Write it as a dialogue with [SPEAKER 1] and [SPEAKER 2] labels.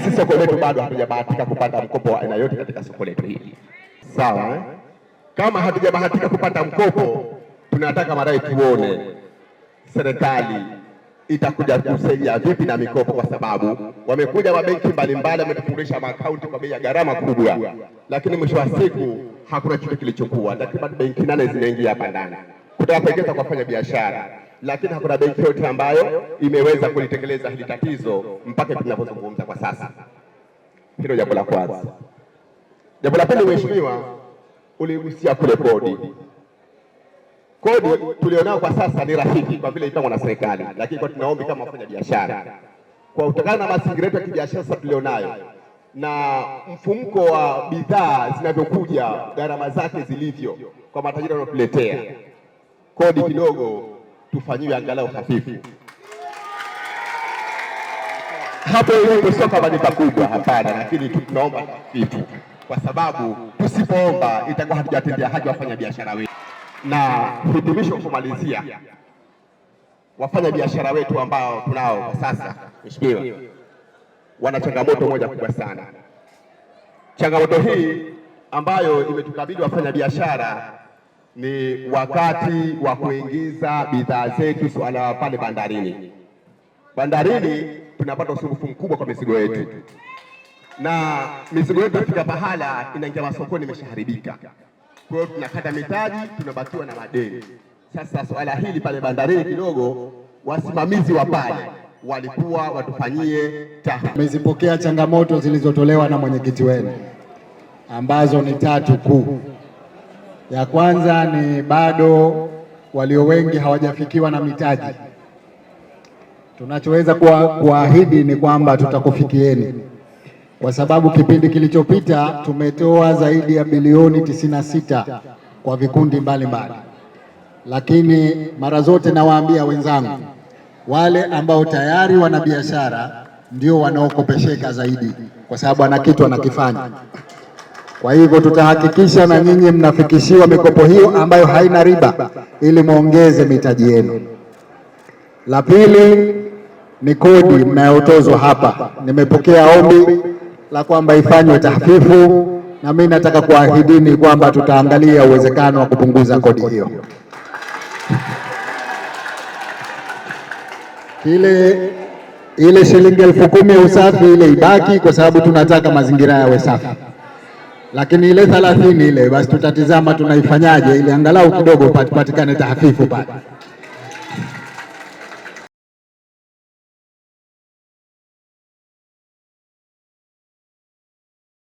[SPEAKER 1] sisi soko letu bado hatujabahatika kupata mkopo wa aina yote katika soko letu hili, sawa eh? Kama hatujabahatika kupata mkopo, tunataka marai tuone serikali itakuja kusaidia vipi na mikopo, kwa sababu wamekuja mabenki mbalimbali wametufungisha makaunti kwa bei ya gharama kubwa, lakini mwisho wa siku hakuna chochote kilichokuwa. Takriban benki nane zinaingia hapa ndani kutoka kuwekeza kwa fanya biashara lakini hakuna benki yote ambayo imeweza kulitekeleza hili tatizo mpaka tunapozungumza kwa sasa. Hilo jambo la kwanza. Jambo la pili, mheshimiwa, uligusia kule kodi. Kodi tulionao kwa sasa ni rafiki kwa vile ipangwa na serikali, lakini kwa tunaombi kama wafanya biashara kwa kutokana na mazingira yetu ya kibiashara sasa tulionayo na mfumko wa bidhaa zinavyokuja, gharama zake zilivyo, kwa matajiri wanaotuletea kodi kidogo tufanyiwe angalau hafifu. Hapo uongo sio kama ni pakubwa, hapana, lakini tunaomba hafifu, kwa sababu tusipoomba itakuwa hatujatendea haki wafanya biashara wetu. Na hitimisho kumalizia, wafanya biashara wetu ambao tunao kwa sasa, mheshimiwa, wana changamoto moja kubwa sana. Changamoto hii ambayo imetukabili wafanya biashara ni wakati wa kuingiza bidhaa zetu, suala pale bandarini. Bandarini tunapata usumbufu mkubwa kwa mizigo yetu, na mizigo yetu inafika pahala inaingia masokoni imeshaharibika. Kwa hiyo tunakata mitaji, tunabakiwa na madeni. Sasa suala hili pale bandarini kidogo, wasimamizi wa pale walikuwa watufanyie taha.
[SPEAKER 2] Umezipokea changamoto zilizotolewa na mwenyekiti wenu ambazo ni tatu kuu. Ya kwanza ni bado walio wengi hawajafikiwa na mitaji. Tunachoweza kuahidi ni kwamba tutakufikieni, kwa sababu kipindi kilichopita tumetoa zaidi ya bilioni 96 kwa vikundi mbalimbali mbali. Lakini mara zote nawaambia wenzangu wale ambao tayari wana biashara ndio wanaokopesheka zaidi, kwa sababu ana kitu anakifanya. Kwa hivyo tutahakikisha na nyinyi mnafikishiwa mikopo hiyo ambayo haina riba ili muongeze mitaji yenu. La pili ni kodi mnayotozwa hapa. Nimepokea ombi la kwamba ifanywe tahfifu, na mimi nataka kuahidini kwamba tutaangalia uwezekano wa kupunguza kodi hiyo. Ile ile shilingi elfu kumi ya usafi ile ibaki, kwa sababu tunataka mazingira yawe safi lakini ile thalathini ile basi tutatizama tunaifanyaje, ili angalau kidogo patipatikane tahafifu pale.